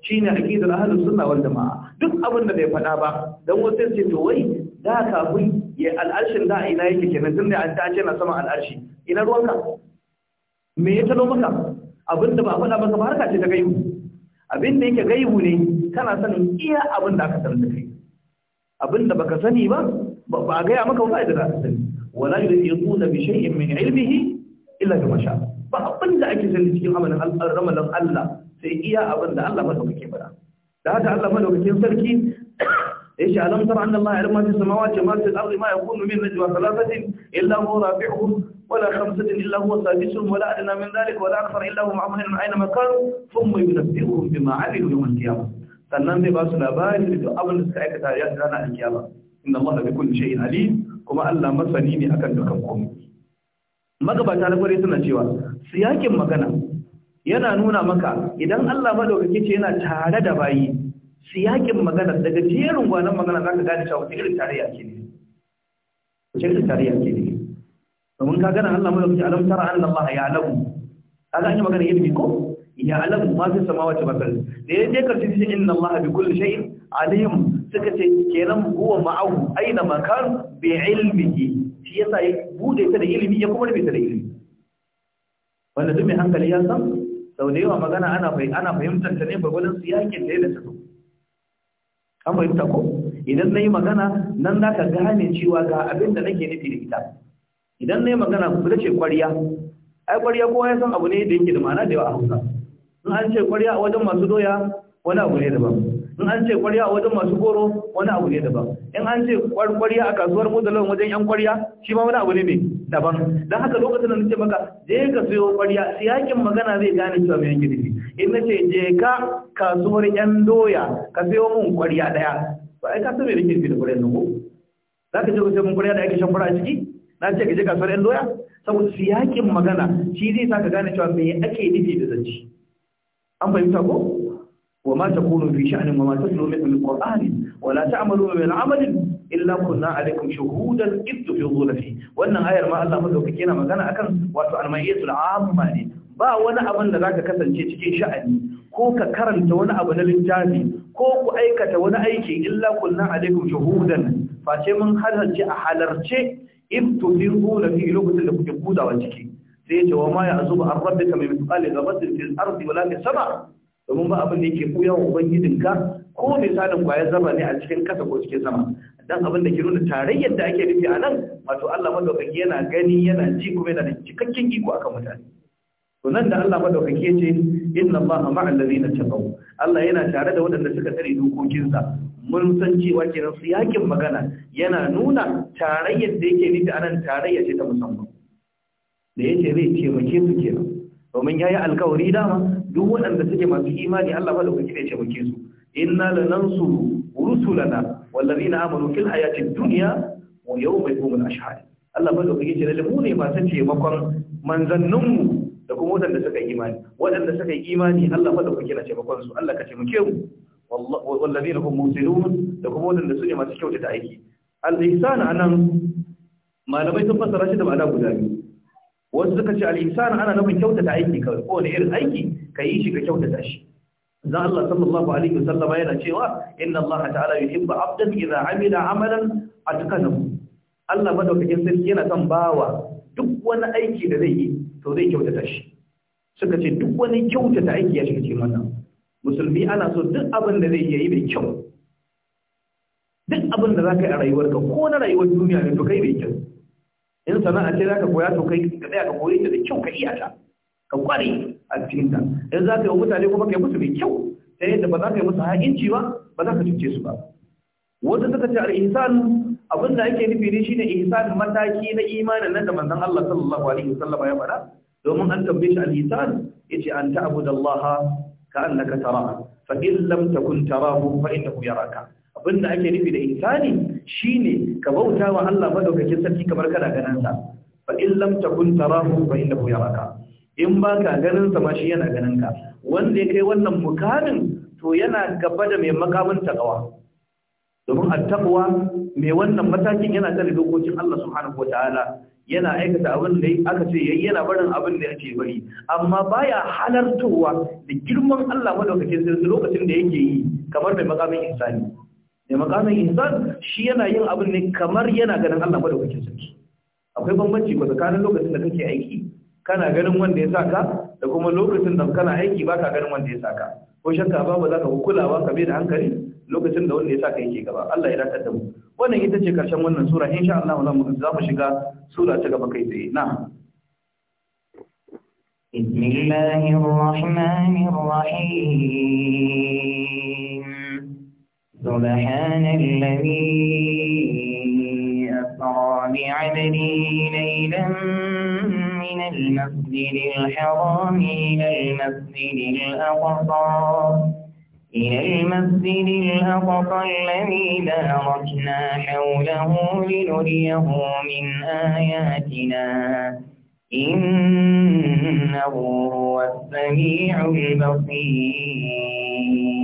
shine aqidar ahlus sunna wal jamaa duk abin da bai faɗa ba dan wasu ce to wai da kafin ya al'arshin da ina yake kenan da an ta ce na saman al'arshi ina ruwanka me ya talo maka abin da ba fada ba ka harka ce ta gaibu abin da yake gaibu ne kana sanin iya abin da aka sanar da kai abinda baka sani ba ba a gaya maka wani da za ka sani wala yudhiyuna bi shay'in min ilmihi illa kama sha ba abinda ake sani cikin amalin al'amalan Allah sai iya abinda Allah madaukake fara da haka Allah madaukakin sarki ايش الم ترى ان الله يعلم ما في السماوات وما في الارض ما يكون من نجوى ثلاثه الا هو رابعهم ولا خمسه الا هو سادسهم ولا ادنى من ذلك ولا اكثر الا هو معهم اينما كانوا ثم ينبئهم بما عملوا يوم القيامه sannan zai ba su labari da abin da suka aikata ya rana an kiyama inda Allah bi kulli shay'in alim kuma Allah masani ne akan dukan komai magabata na fare suna cewa siyakin magana yana nuna maka idan Allah da ce yana tare da bayi siyakin magana daga jerin gwanan magana zaka gane cewa wata irin tarayya ce ne wata irin tarayya ce ne domin ka gana Allah madaukaki alam tara anna Allah ya'lamu kaga an yi magana ilimi ko ya alamu ma fi sama wace masar? da ya je karshe shi inna Allah bi kulli shay'in alim suka ce kenan huwa ma'ahu aina makan bi ilmihi shi yasa ya bude ta da ilimi ya kuma rubuta da ilimi wanda duk mai hankali ya san sau da yawa magana ana ana fahimtar ta ne gwagwalin su yakin da ya da su an fahimta ko idan na yi magana nan za ka gane cewa ga abin da nake nufi da ita idan na yi magana ku da kwariya ai kwariya kowa ya san abu ne da yake da ma'ana da yawa a hausa in an ce kwarya a wajen masu doya wani abu ne daban in an ce kwarya a wajen masu goro wani abu ne daban in an ce kwarya a kasuwar mudalon wajen yan kwarya shi ma wani abu ne daban don haka lokacin da nake maka je ka siyo kwarya siyakin magana zai gane cewa mai yanki nufi in na ce je ka kasuwar yan doya ka siyo mun kwarya daya ba ai ka san me nake nufi da kwarya nan ko za ka je ka siyo mun kwarya da ake shan fara a ciki na ce ka je kasuwar yan doya saboda siyakin magana shi zai sa ka gane cewa me ake nufi da zance an fahimta ko wa ma takunu fi sha'nin wa ma tatlu min al-qur'ani wa la ta'malu min amalin illa kunna alaikum shuhudan id tufiduna fi wannan ayar ma Allah madaukake yana magana akan wato al-ma'iyatul amma ne ba wani abin da zaka kasance cikin sha'ani ko ka karanta wani abu na littafi ko ku aikata wani aiki illa kunna alaikum shuhudan face mun halarce a halarce id fi lokacin da kuke kudawa ciki sai ce wa ma ya rabbi an mai misali ga masu fil ardi wala ka sama domin ba abin da yake koya wa ubangijinka ko misalin kwaya zama ne a cikin kasa ko cikin sama dan abin da ke nuna tarayyar da ake nufi a nan wato Allah madaukaki yana gani yana ji kuma yana da cikakken iko akan mutane to nan da Allah madaukaki yace ce inna Allaha ma'a ladina taqaw Allah yana tare da waɗanda suka tsare dokokinsa mun san cewa kenan su yakin magana yana nuna tarayyar da yake nufi anan nan tarayya ce ta musamman da yake zai taimake su kenan domin yayi alkawari dama duk waɗanda suke masu imani Allah ba da kuke zai taimake su inna lanansuru rusulana wallazina amanu fil hayatid dunya wa yawma yaqumul ashhad Allah ba da kuke ce lalle mu ne masu taimakon manzanninmu da kuma waɗanda suka yi imani waɗanda suka yi imani Allah ba da kuke na taimakon su Allah ka taimake mu wallazina hum musilun da kuma waɗanda su ne masu kyautata aiki al-ihsan anan malamai sun fassara shi da ma'ana guda biyu wasu suka ce al-ihsan ana nufin kyautata aiki kawai ko wani irin aiki ka yi shi ka kyautata shi dan Allah sallallahu alaihi wasallam yana cewa inna Allah ta'ala yuhibbu 'abdan idza 'amila 'amalan atqanahu Allah madaukakin sarki yana son bawa duk wani aiki da zai yi to zai kyautata shi suka ce duk wani kyautata aiki ya shiga cikin wannan musulmi ana so duk abin da zai yi mai kyau duk abin da za ka yi a rayuwarka ko na rayuwar duniya ne to kai mai kyau in sana'a ce za ka koya to kai ka tsaya ka koyi ta da kyau ka iya ta ka kware a cikin ta in za ka yi mutane kuma kai musu mai kyau ta yadda ba za ka yi musu ha'inci ba ba za ka cuce su ba wasu suka ce al-ihsan abin da ake nufi ne shine ihsan mataki na imanin nan da manzon Allah sallallahu alaihi wasallam ya fara domin an tambaye shi al-ihsan yace an ta'budallaha ka'annaka tarahu fa in lam takun tarahu fa innahu yaraka abin da ake nufi da ihsani Shi ne ka bauta wa Allah madaukakin sarki kamar kana ganin sa fa in lam takun tarahu fa innahu yaraka in ba ka ganin ma shi yana ganin wanda ya kai wannan mukamin to yana gaba da mai makamin takawa domin attaqwa mai wannan matakin yana kan dokokin Allah subhanahu wataala yana aikata abin da aka ce yayi yana barin abin da yake bari amma baya halartowa da girman Allah madaukakin sarki lokacin da yake yi kamar mai makamin insani mai makamin ihsan shi yana yin abin ne kamar yana ganin Allah madaukakin sarki akwai bambanci ko tsakanin lokacin da kake aiki kana ganin wanda ya saka da kuma lokacin da kana aiki baka ganin wanda ya saka ko shakka ba ba za ka kulawa ka bai da hankali lokacin da wanda ya saka yake gaba Allah ya dakata mu wannan ita ce karshen wannan sura insha Allah za mu shiga sura ta gaba kai tsaye na? بسم الله الرحمن سبحان الذي أسرى بعبدي ليلا من المسجد الحرام إلى المسجد الأقصى إلى المسجد الأقصى الذي باركنا حوله لنريه من آياتنا إنه هو السميع البصير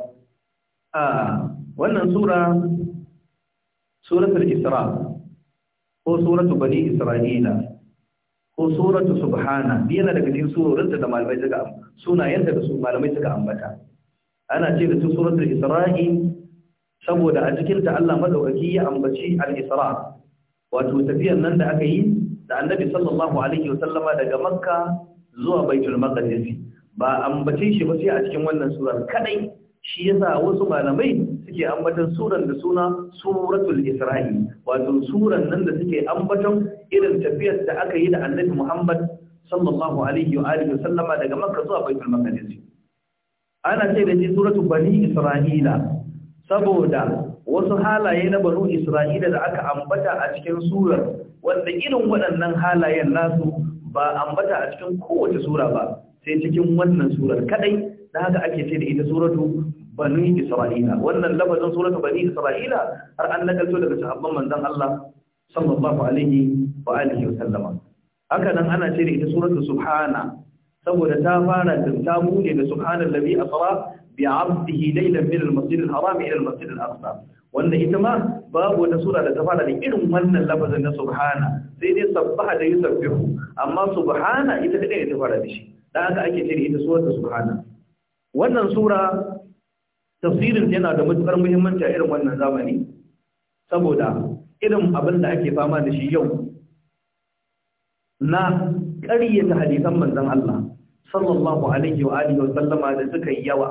wannan sura suratul isra ko suratul bani isra'ila ko suratul subhana yana daga cikin surorin da malamai suka sunayen da su malamai suka ambata ana ce da suratul isra'i saboda a cikin ta Allah madaukaki ya ambaci al-isra wato tafiyar nan da aka yi da annabi sallallahu alaihi sallama daga makka zuwa baitul maqdis ba ambace shi ba sai a cikin wannan surar kadai shi yasa wasu malamai suke ambaton suran da suna suratul isra'i wato suran nan da suke ambaton irin tafiyar da aka yi da annabi muhammad sallallahu alaihi wa alihi sallama daga makka zuwa baitul maqdis ana ce da shi suratul bani isra'ila saboda wasu halaye na banu isra'ila da aka ambata a cikin surar wanda irin waɗannan halayen nasu ba ambata a cikin kowace sura ba sai cikin wannan surar kadai da haka ake ce da ita suratu bani isra'ila wannan lafazin suratu bani isra'ila har an nakalto daga sahabban manzon Allah sallallahu alaihi wa alihi wa sallama haka nan ana ce da ita suratu subhana saboda ta fara ta bude da subhanallazi asra bi 'abdihi laylan min al-masjid al-haram ila al-masjid al-aqsa wanda ita ma babu wata sura da ta fara da irin wannan lafazin na subhana sai dai sabbaha da yusabbihu amma subhana ita kadai ta fara da shi dan haka ake ce da ita suratu subhana wannan sura tafsirin yana da matuƙar muhimmanci a irin wannan zamani saboda irin abin da ake fama da shi yau na ƙaryata hadisan manzon Allah sallallahu alaihi wa alihi wa sallama da suka yi yawa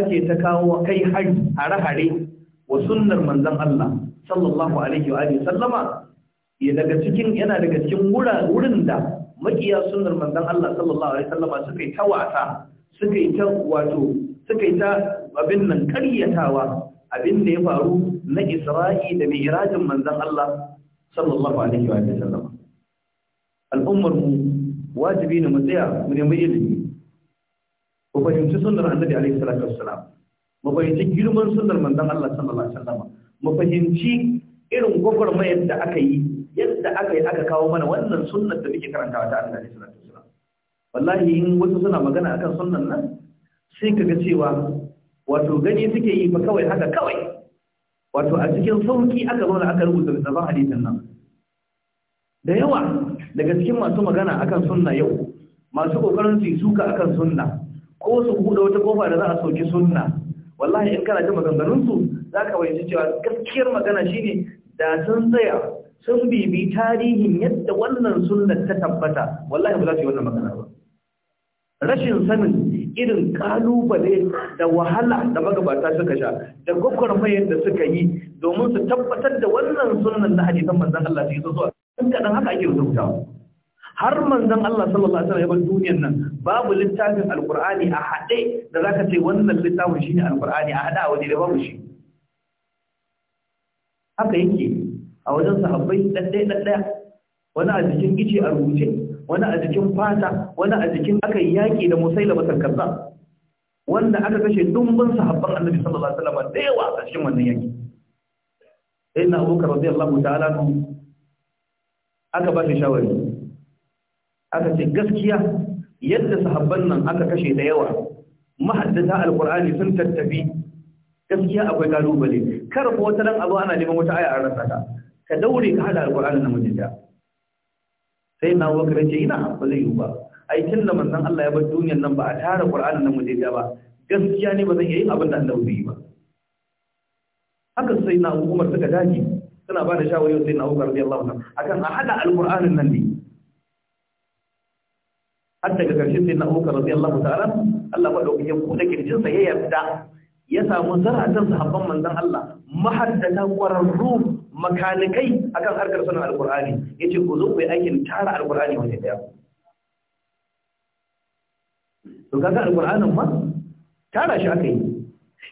ake ta kawo kai hari hare-hare wa sunnar manzon Allah sallallahu alaihi wa alihi sallama ya daga cikin yana daga cikin wurin da makiya sunnar manzon Allah sallallahu alaihi wa sallama suka yi tawata. suka yi ta wato suka yi ta abin nan karyatawa abin da ya faru na Isra'i da Mi'rajin manzan Allah sallallahu alaihi wa sallam al'ummar mu wajibi ne mu tsaya mu nemi ilimi mu fahimci sunnar Annabi alaihi salatu wassalam mu fahimci girman sunnar manzan Allah sallallahu alaihi wa mu fahimci irin gwagwarmayar da aka yi yadda aka yi aka kawo mana wannan sunnar da muke karantawa ta Annabi sallallahu alaihi wallahi in wasu suna magana akan sunnan nan sai kaga cewa wato gani suke yi ba kawai haka kawai wato a cikin sauki aka zauna aka rubuta littafin hadisin nan da yawa daga cikin masu magana akan sunna yau masu kokarin su suka akan sunna ko su buɗe wata kofa da za a sauki sunna wallahi in kana ji maganganun su ka bayyana cewa gaskiyar magana shine da sun tsaya sun bibi tarihin yadda wannan sunnar ta tabbata wallahi ba za su yi wannan magana ba rashin sanin irin kalubale da wahala da magabata suka sha da gwagwarmayar da suka yi domin su tabbatar da wannan sunan na hadisan manzan Allah su yi zuwa kaɗan haka ake rubuta har manzan Allah sallallahu alaihi wasallam duniyar nan babu littafin alqur'ani a hade da zaka ce wannan littafin shine alqur'ani a hada a waje da babu shi haka yake a wajen sahabbai dan dai dan daya wani a cikin gice a rubuce wani a jikin fata wani a jikin aka yaƙi da musailama sarkarsa wanda aka kashe dumbin sahabban annabi sallallahu alaihi wasallam da yawa a cikin wannan yaƙi sai na abubakar radiyallahu ta'ala nu aka ba shi shawari aka ce gaskiya yadda sahabban nan aka kashe da yawa mahaddata alqur'ani sun tattafi gaskiya akwai kalubale kar ko wata dan abu ana neman wata aya a rasa ta ka daure ka hada alqur'ani na mujinta sai na wakar ce ina ba zai yiwu ba ai da manzon Allah ya bar duniyar nan ba a tara Qur'anin nan waje ba gaskiya ne ba zan yi abin da Allah zai yi ba haka sai na Umar suka daji suna ba da shawari sai na Umar radiyallahu anhu akan a hada alqur'anin nan ne har daga karshe sai na Umar radiyallahu ta'ala Allah ba da kuke kuɗa kirjin sa ya yarda ya samu zaratan sahabban manzon Allah mahaddata ƙwararru makanikai akan harkar sanin alkur'ani yace ku zo ku yi aikin tara alkur'ani wani daya to kaga alkur'anin ma tara shi aka yi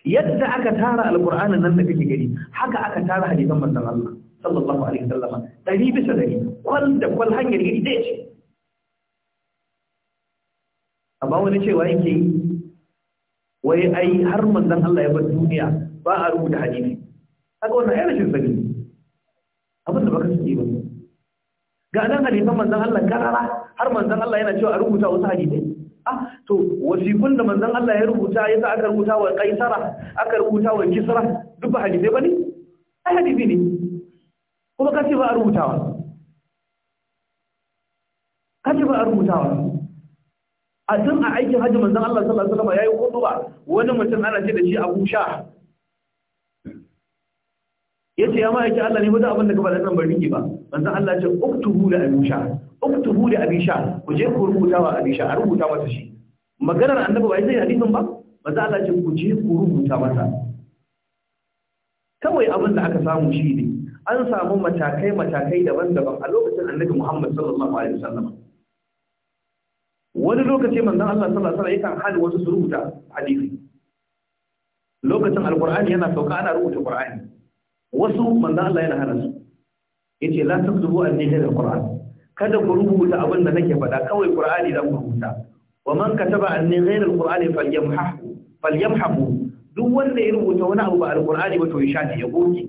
yadda aka tara alkur'anin nan da kake gari haka aka tara hadisan manzon Allah sallallahu alaihi wasallam dari bisa dari kwal da kwal hanyar gari daya ce amma wani cewa yake wai ai har manzon Allah ya bar duniya ba a rubuta hadisi kaga wannan yana rashin sani abin da baka suke ba ga nan halifan manzon Allah karara har manzon Allah yana cewa a rubuta wasu hadisai ah to wasiƙun da manzon Allah ya rubuta yasa aka rubuta wa kaisara aka rubuta wa kisra duk ba hadisai bane ai hadisi ne kuma kace ba a rubutawa kace ba a rubutawa a tun a aikin hajji manzon Allah sallallahu alaihi wasallam yayi kuduba wani mutum ana ce da shi Abu Sha Ya ce ya ma yake Allah ne mu wata abin da ka faɗa zan bar riki ba manzon Allah ce uktubu da abin sha uktubu da abin sha ku je ku rubuta wa abin sha a rubuta masa shi maganar annabi ba zai hadisin ba manzon Allah ce ku je ku rubuta masa kawai abin da aka samu shi ne an samu matakai matakai daban-daban a lokacin annabi Muhammad sallallahu alaihi wasallam wani lokaci manzon Allah sallallahu alaihi wasallam yakan hali wasu su rubuta hadisi lokacin alqur'ani yana sauka ana rubuta qur'ani wasu manzo Allah yana hana su Ya ce za ta la a anni ghayra alquran kada ku rubuta abin da nake faɗa kawai qur'ani da ku rubuta wa man kataba anni ghayra alqur'ani falyamhahu falyamhahu duk wanda ya rubuta wani abu ba alqur'ani ba to ya shafe ya goge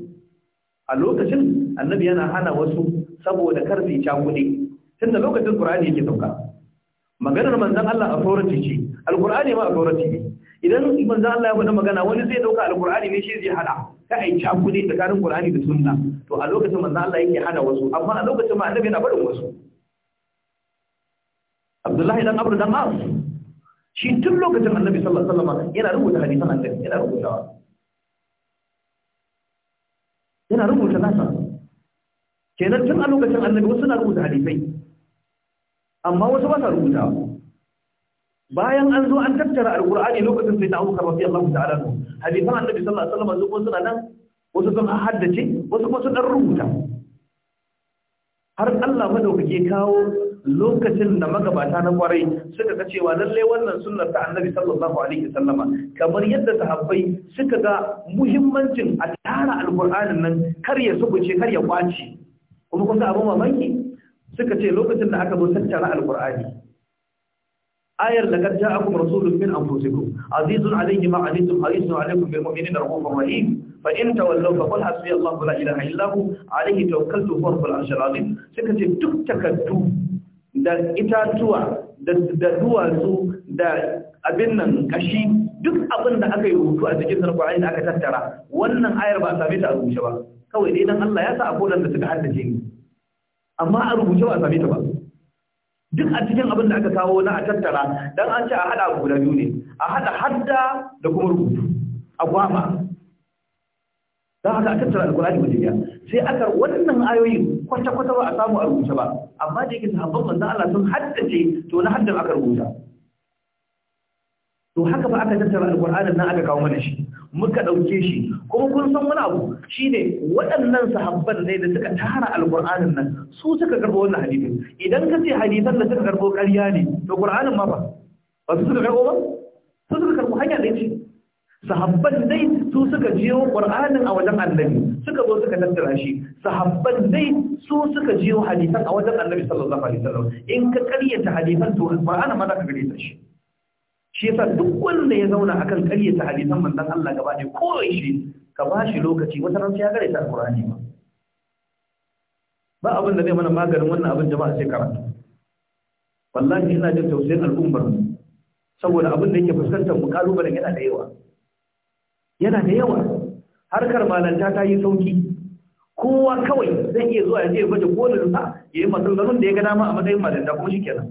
a lokacin annabi yana hana wasu saboda karfi ta kuɗi tunda lokacin qur'ani yake sauka maganar manzon Allah a authority ce alqur'ani ma authority ne idan manzon Allah ya faɗa magana wani zai dauka alqur'ani ne shi zai hada ta a yi cakuɗe tsakanin Qur'ani da Sunna to a lokacin manzo Allah yake hana wasu amma a lokacin ma annabi yana barin wasu Abdullahi dan Abu dan As shi tun lokacin annabi sallallahu alaihi wasallam yana rubuta hadisan annabi yana rubutawa yana rubuta nasa kenan tun a lokacin annabi wasu na rubuta hadisai amma wasu ba sa rubutawa bayan an zo an tattara alkur'ani lokacin sai ta abubakar rafi Allah ta'ala no hadisan annabi sallallahu alaihi wasallam zuwa suna nan wasu sun haddace wasu kuma sun dan rubuta har Allah madaukake kawo lokacin da magabata na kwarai suka ga cewa lalle wannan sunnar ta annabi sallallahu alaihi wasallama kamar yadda sahabbai suka ga muhimmancin a tara alkur'anin nan kar ya subuce kar ya kwace kuma kun ga abin mamaki suka ce lokacin da aka zo tattara alkur'ani ayar da kan ja'akum rasulun min anfusikum azizun alayhi ma anittum harisun alaykum bil mu'minina rahmanur rahim fa in tawallaw fa qul hasbi Allahu la ilaha illa hu alayhi tawakkaltu wa huwa al-arshul azim suka ce duk takaddu da itatuwa da da duwatsu da abin nan kashi duk abin da aka yi rubutu a cikin sarkwani da aka tattara wannan ayar ba a same ta a rubuce ba kawai dai dan Allah ya sa a kodan da suka haddace ni amma a rubuce ba a same ta ba duk a cikin abin da aka kawo na a tattara dan an ce a hada guda biyu ne a hada hadda da kuma rubutu a gwama don haka a tattara alkurani majaliya sai aka wannan ayoyin kwata-kwata ba a samu a rubuta ba amma da yake sahabban manzan Allah sun haddace to na haddan aka rubuta to haka ba aka tattara alkur'anin nan aka kawo mana shi muka ɗauke shi kuma kun san wani abu shine waɗannan sahabban ne da suka tara alƙur'anin nan su suka karɓo wannan hadisin idan ka ce hadisan da suka karɓo ƙarya ne to ƙur'anin ma ba ba su suka karɓo ba su suka karɓo hanya ɗaya ce sahabban dai su suka jiyo ƙur'anin a wajen annabi suka zo suka tattara shi sahabban dai su suka jiyo hadisan a wajen annabi sallallahu alaihi wasallam in ka ƙaryata hadisan to ƙur'anin ma za ka gare shi shi yasa duk wanda ya zauna akan karyata hadisan manzon Allah gaba ɗaya koyi shi ka ba shi lokaci wata ran sai ya karyata alqur'ani ba ba abin da zai mana maganin wannan abin jama'a sai karatu wallahi ina jin tausayin al'ummar mu saboda abin da yake fuskantar mu kalubalen yana da yawa yana da yawa harkar malanta ta yi sauki kowa kawai zai iya zuwa ya je ya baje kolin sa yayi maganganun da ya ga dama a matsayin malanta kuma kenan.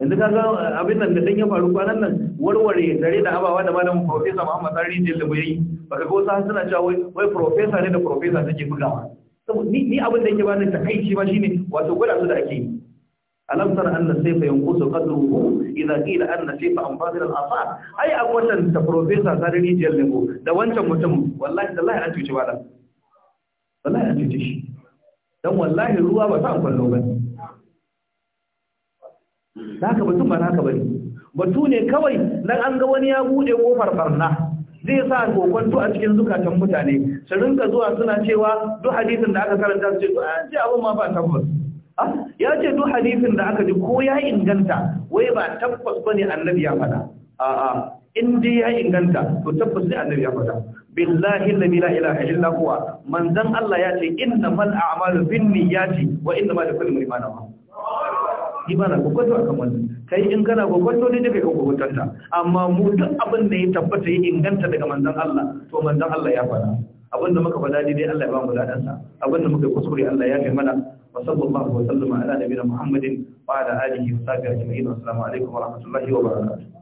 yanzu ka ga eh, abin nan da dan ya faru kwanan nan warware dare da abawa da malamin professor Muhammad Sari da Lubayi baka ga wasu suna cewa wai wai professor ne da professor take bugawa saboda ni ni abin da yake bani takaici ba shine wato gwada su da ake yi alam tara anna sayfa yanqusu qadruhu idha qila anna sayfa anfadil al-afar ai a wannan ta professor Sari da Lubayi da wancan mutum wallahi wallahi an tuce wala wallahi an tuce shi dan wallahi ruwa ba ta amfani ba za ka batun ba naka bane batu ne kawai na an ga wani ya bude kofar barna zai sa kokonto a cikin zukatan mutane su rinka zuwa suna cewa duk hadisin da aka karanta su ce to an ce abin ma ba tabbas ah, ya ce duk hadisin da aka ji ko ya inganta wai ba tabbas bane annabi ya faɗa a'a in dai ya inganta to tabbas ne annabi ya faɗa billahi la ilaha illa huwa manzon Allah ya ce innamal a'malu binniyati wa innamal kullu imanahu ni ba na kokonto wannan kai in kana kokonto ne da kai ka amma mu duk abin da ya tabbata ya inganta daga manzon Allah to manzon Allah ya fara abin da muka fada daidai Allah ya ba mu ladan sa abin da muka kuskure Allah ya kai mana wa sallallahu wa sallama ala nabiyina Muhammadin wa ala alihi wa sahbihi ajma'in assalamu alaikum wa rahmatullahi wa barakatuh